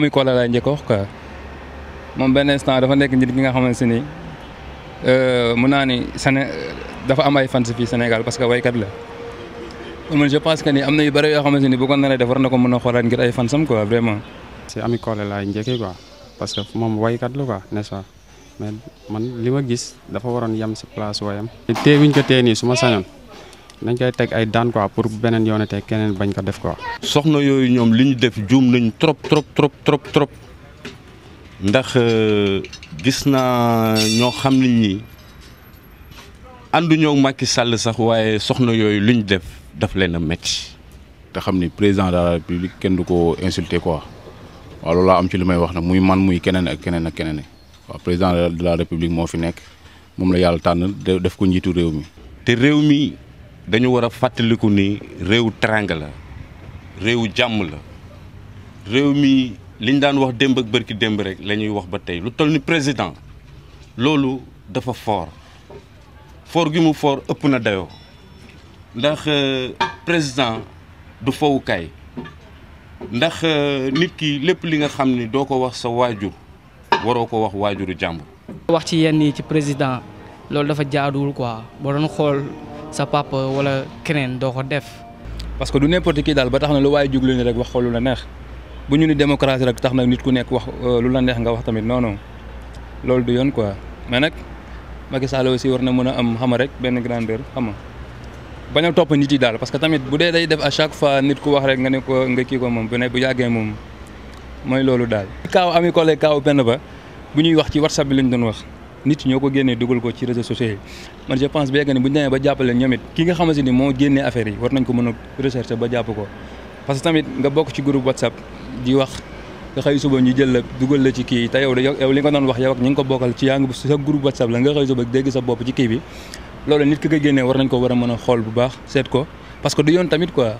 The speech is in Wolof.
ami la lay njëkk wax ko mom ben instant dafa nek nit ki nga xamanteni euh mu naani sene dafa am ay fans fi Sénégal parce que way kat la mom je pense que ni amna yu bari yo xamanteni bu ko na lay def war na ko mën a ngir ay fansam quoi vraiment. si ami la lay njëkkee quoi parce que mom way kat lu quoi n'est-ce pas mais man lima gis dafa waron yam ci place wayam. téewuñ ko tee nii su ma dañ koy teg ay daan quoi pour beneen yoonatee keneen bañ ko def quoi. soxna yooyu ñoom lu ñu def juum nañ trop trop trop trop trop ndax euh, gis naa ñoo xam ne ñii ànduñoo Macky Sall sax waaye soxna yooyu lu ñu def daf leen a métti. te xam ni président de la république kenn du ko insulté quoi waaw loolu laa am ci lu may wax nag muy man muy keneen ak keneen ak keneen waaw président de la république moo fi nekk moom la yàlla tànn def ko njiitu réew mi. te réew mi. dañu war a fàttaliku ni réew teranga la réew jàmm la réew mi li ñu daan wax démb ak bërki démb rek la ñuy wax ba tey lu toll ni président loolu dafa foor foor gi mu foor ëpp na dayoo ndax euh, président du fowukaay ndax euh, nit ki lépp li nga xam ni doo ko wax sa waajur waroo ko wax waajuru jàmbur. wax ci yenn yi ci président loolu dafa jaaduwul quoi boo doon xool. sa papa wala keneen doo ko def. parce que du n'importe kii daal ba tax na lu waaye juglu ni rek wax ko lu la neex bu ñu ni démocratie rek tax na nit ku nekk wax euh, lu la neex nga wax tamit non loolu du yoon quoi mais nag Macky Sall aussi war na mën a am xama rek benn grandeur xama bañ a topp nit yi daal parce que tamit bu dee day def à chaque fois nit ku wax rek nga ne ko nga kii ko moom bu ne bu yàggee moom mooy loolu daal. kaaw ami collègue kaaw benn ba bu ñuy wax ci whatsapp bi lañ doon wax. nit ñoo ko génnee dugal ko ci réseaux sociaux yi man je pense bien que ni bu ñu demee ba jàppale ñoom it ki nga xamante ni moo génnee affaire yi war nañ ko mën a rechercher ba jàpp ko parce que tamit nga bokk ci groupe WhatsApp di wax nga xëy suba ñu jël la dugal la ci kii te yow yow li nga doon wax yow ak ñu ngi ko bokkal ci yaa ngi sa groupe WhatsApp la nga xëy suba dégg sa bopp ci kii bi loolu nit ki ko génnee war nañ ko war a mën a xool bu baax seet ko parce que du yoon tamit quoi